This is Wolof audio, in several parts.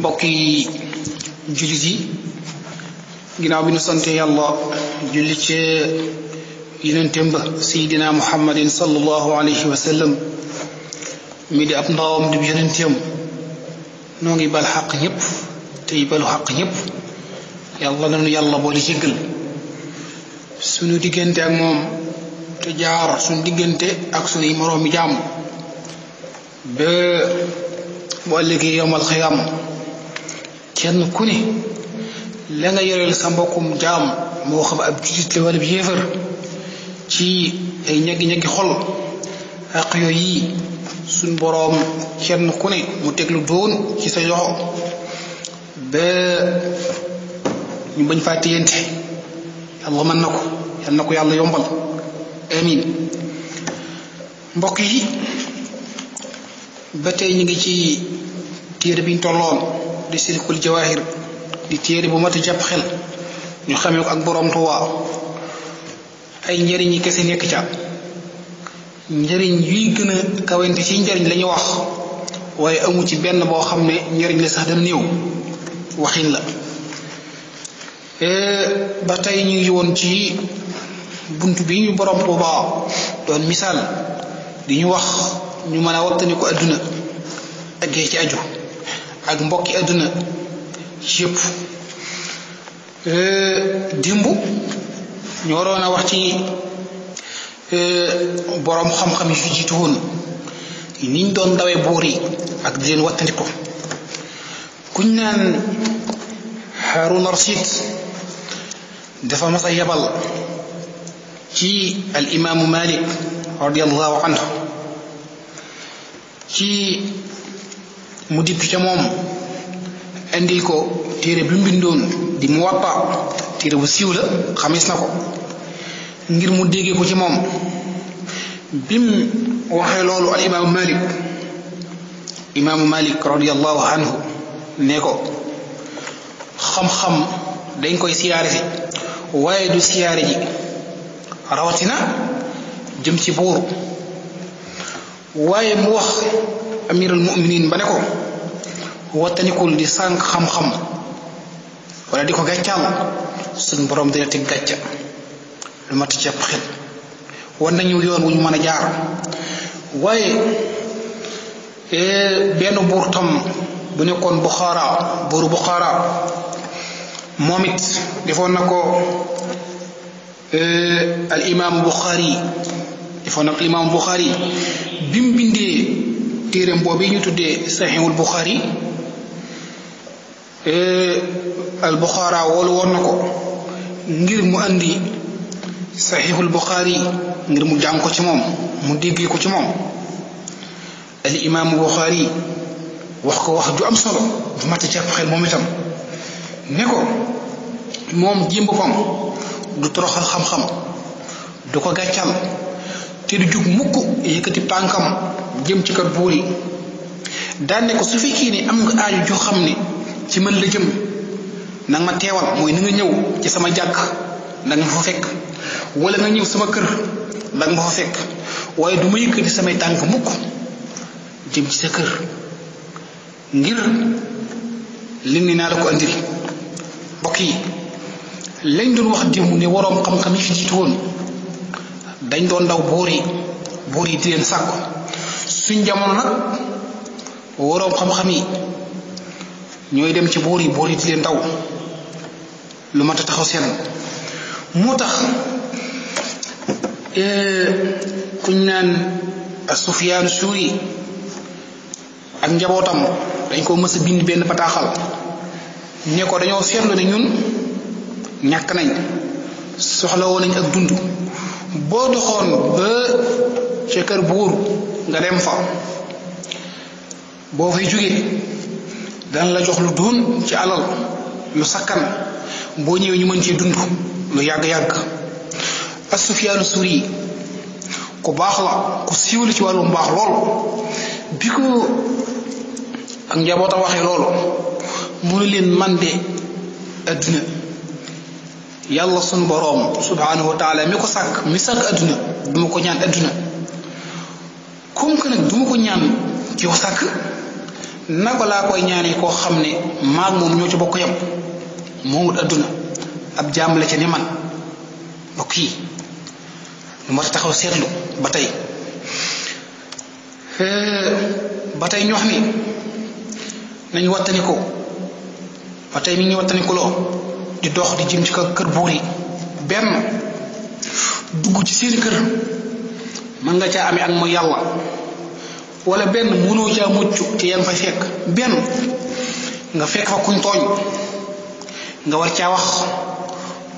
mbokk yi jullit yi ginaaw bi nu sante yàlla julli ci yonenteem ba sayidina muhammadin sallallahu alayhi wa mi di ab ndawam di yonenteem noo ngi bal xaq ñëpp tey balu xaq ñëpp yàlla nanu yàlla boole jéggal sunu diggante ak moom te jaar sunu diggante ak sunuy moroomi jàmm ba bu ëllëgee yowmal xiyaam kenn ku ne la nga sa mbokkum jaam moo xam ab jullit la wala bi yéefar ci ay ñagi-ñagi xol ak yooyu yi suñ boroom kenn ku ne mu teglu lu doon ci sa yoxo ba ñu bañ faa téyante yàlla mën na ko yàlla na ko yàlla yombal amin mbokk yi ba tey ñu ngi ci téere biñ tolloon di silkul jawahir di téré bu mata jàpp xel ñu xamé ak borom tuwa ay njëriñ yi kessé nek ca njëriñ yi gëna kawenti ci njëriñ lañu wax waye amu ci benn boo xam ne njëriñ la sax dana néew waxin la ba tey ñu ngi woon ci buntu bi ñu borom tuubaa doon misal di ñu wax ñu mën a wattani ko àdduna ak ci aju ak mbokki aduna yépp dimb ñu waroon wax ci euh borom xam-xam yi fi jiitu ni ñu doon dawe buur yi ak di leen wattandiko kuñ naan harun rasid dafa ma sa yabal ci al imam malik radiyallahu anhu ci mu dikk ca moom indil ko téere bi mbindoon di Muwatta téere bu siiw la xamis na ko ngir mu déggee ko ci moom bim waxee loolu al imaamu Malik imaamu Malik ne ko xam dañ koy siyaare si du siyaare ji rawatina jëm ci buur waaye mu wax amirul muminin ba ne ko wattanikul di sànq xam-xam wala di ko gàccaal suñ borom dina teg gàcca lu mat ci xel war nañu yoon wu ñu mën a jaar waaye eh, benn buur tam bu nekkoon Buxaara buuru Buxaara moom it defoon na ko eh, al imaamu Buxaari defoon na ko al imaamu Buxaari bi mu ñu tuddee saxiixul Buxaari Eh, albuxaara woolu woon na ko ngir mu andi saxiixul buxaari ngir mu jàng ko ci moom mu déggee ko ci moom al imaamu wax ko wax ju am solo ju mat a jàpp xel moom itam ne ko moom jim boppam du toroxal ko gàccal te du jug mukk ci kër buur yi daan ko su fekkee ne am nga aaju joo xam ne ci man la jëm nanga ma teewal mooy na nga ñëw ci sama jàkk nanga ma fa fekk wala nga ñëw sama kër nanga ma fa fekk waaye du yëkkati samay tànk mukk jëm ci sa kër ngir lim naa la ko andil mbokk yi lañ doon wax diw ni waroom xam-xam yi fi jiitu woon dañ doon ndaw buur yi buur yi di leen sàkku suñ jamono nag waroom xam-xam yi ñooy dem ci boor yi buur yi di leen daw lu mat a taxaw seenam moo tax eh, kuñ naan Sufyaan Suuri ak njabootam dañ koo mës a bind benn bataaxal ne ko dañoo seetlu ne ñun ñàkk nañ soxlawoo nañ ak dund boo doxoon ba ca buur nga dem fa boo fay jóge dana la jox lu duun ci alal lu sakkan boo ñëwee ñu mën ci dund lu yàgg-yàgg Asufyaanu Suri ku baax la ku siiw la ci wàllu mbaax lool bi ko ak njaboota waxee loolu mu leen man de adduna yàlla sunu boroom subhaanahu wa taala mi ko sàkk mi sàkk adduna duma ko ñaan adduna comme que nag duma ko ñaan ki ko sàkk naka laa koy ñaanee koo xam ne maag moom ñoo ci bokk yam moomut adduna ab jàmm la ca ni man mbokk yi lu ma taxaw seetlu ba tey ba tey ñu wax ni nañu wattaniku ba tey mi ngi wattaniku di dox di jëm ci kaw kër buur yi benn dugg ci seeni kër mën nga caa amee ak mooy yàlla wala benn mënoo caa mucc te yaa ngi fay fekk benn nga fekk fa kuñ tooñ nga war caa wax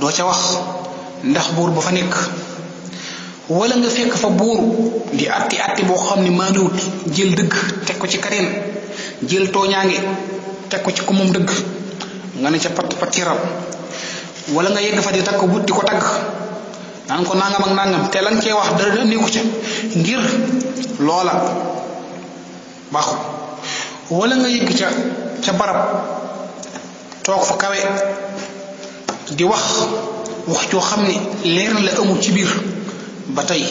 doo ca wax ndax buur ba fa nekk wala nga fekk fa buur di atti atti boo xam ne maandiwut jël dëgg teg ko ci kareen jël tooñaange teg ko ci ko moom dëgg nga ne ca pat patiral wala nga yegg fa di takk but di ko tagg naan ko nangam ak nangam te lan cee wax dara néew ko ca ngir loola baaxul wala nga yëgg ca ca barab toog fa kawe di wax wax joo xam ne leer la amul ci biir ba tey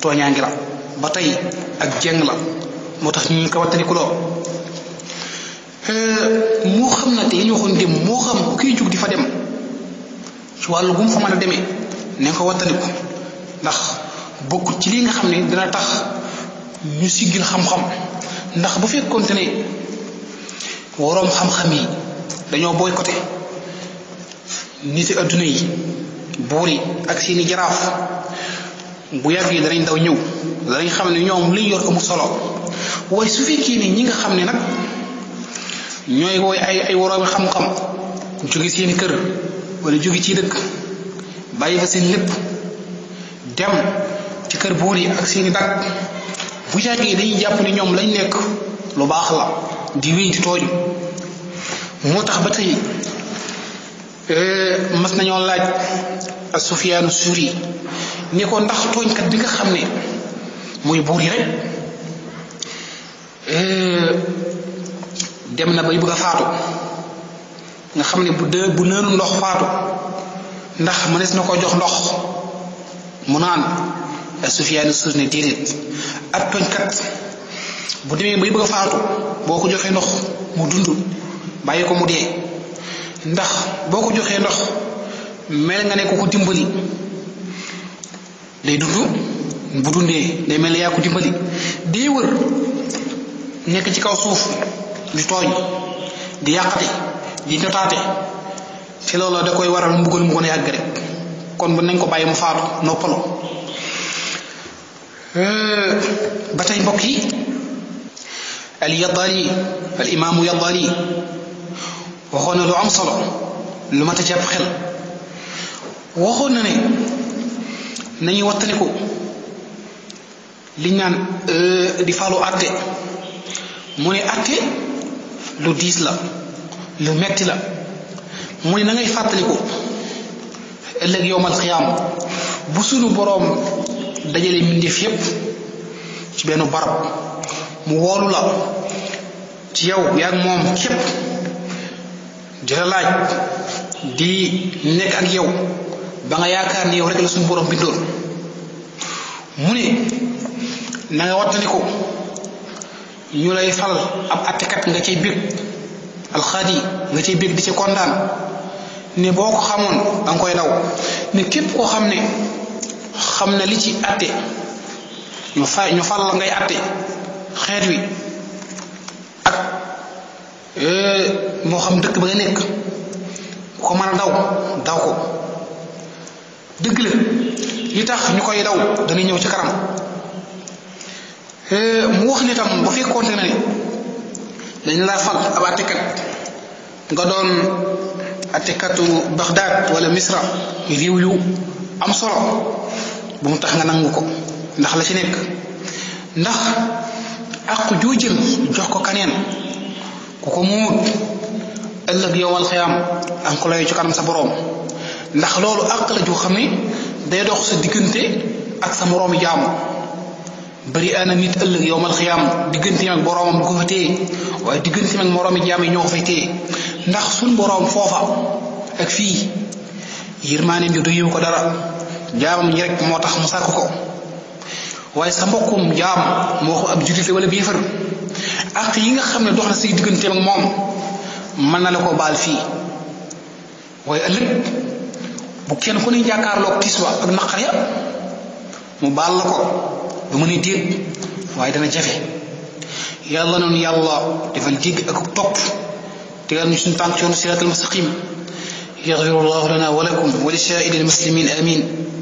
tooñaa ngi la ba tey ak jenn la moo tax ñu ko wattaniku loo euh, moo xam na te yi ñu waxoon dem moo xam kiy jug di fa dem ci wàllu bu fa mën a demee ne nga ko wattaniku ndax bokkut ci li nga xam ne dina tax ñu siggil xam-xam ndax bu fekkoonte ne waroom xam-xam yi dañoo booy boycotté niti adduna yi buur yi ak seeni jaraaf bu yar gi danañ daw ñëw danañ xam ne ñoom liñ yor amul solo waaye su fekkee ne ñi nga xam ne nag ñooy wooy ay ay waroomi xam-xam jóge seeni kër walla jóge ci dëkk bàyyi fa seen lépp dem ci kër buur yi ak seeni dàkk bu yàggee dañuy jàpp ni ñoom lañ nekk lu baax la di wéy di tooñ moo tax ba tey euh, mas nañoo laaj ak Sufyaanu Suri ni ko ndax tooñkat bi nga xam ne muy buur yi rek euh, dem na bay bëgg a faatu nga xam ne bu dee bu nënu ndox faatu ndax mënees na koo jox ndox mu naan Sufyaan Sawri ne ak ab tooñkat bu demee bay bëgg a faatu boo ko joxee ndox mu dund bàyyi ko mu dee ndax boo ko joxee ndox mel nga ne ko dimbali day dund bu dundee day mel ne yaa ko dimbali day wër nekk ci kaw suuf di tooñ di yàqate di notaate te loolu da koy waral mbugal mu a yàgg rek kon bu nañ ko bàyyi mu faatu noppalu Euh, ba tey mbokk yi al Yadaali al imaamu Yadaali waxoon na lu am solo lu mat jàpp xel waxoon na ne nañuy wattaliku liñ naan euh, di faalu àtte mu ne àtte lu diis la lu metti la mu ne na ngay fàttaliku ëllëg yowmal xiyaam bu sunu boroom dajale mbindeef yépp ci benn barab mu woolu la ci yow yaag moom képp di la laaj di nekk ak yow ba nga yaakaar ni yow rek la suñu borom bindoon mu ne na nga wattaliku ñu lay fal ab attekat nga cay bég alxaadi nga cay bég di ci kondaan ne boo ko xamoon koy daw ne képp koo xam xam na li ci atte ñu fa ñu fal ngay atte xeet wi ak eh, moo xam dëkk ba nga bu ko mën a daw daw ko dëgg la li tax ñu koy daw dañuy ñëw ci karam eh, mu wax ni tam bu fekkoonte na ne dañ laa fal ab attekat nga doon attekatu Baghdad wala Misra réew yu am solo bu mu tax nga nangu ko ndax la ci nekk ndax àqu joo jox ko kaneen ku ko muut ëllëg yowmal xiyaam am ko layo ci sa boroom ndax loolu àq la joo xam ne day dox sa diggante ak sa moroomi jaamu bari ana nit ëllëg yowmal xiyaam digganteem ak boroomam bu ko fa téye waaye digganteem ak moroomi jaam i ñoo fa fay ndax suñ boroom foofa ak fii yërmaaneen ju doyewu ko dara jaamam ñi rek moo tax mu sàkk ko waaye sa mbokkum jaam moo ko ab jurité wala bi ak yi nga xam ne dox na say digganteem ak moom mën na la ko baal fii waaye ëllëg bu kenn ku ne jàkkaarloog tiis wa ak naqar ya mu baal la ko du mën a déet waaye dana jafe yàlla noonu yàlla defal jégg ak topp tegal ñu suñu tànk yoonu siraat al mustaqim يغفر الله لنا ولكم ولسائر المسلمين آمين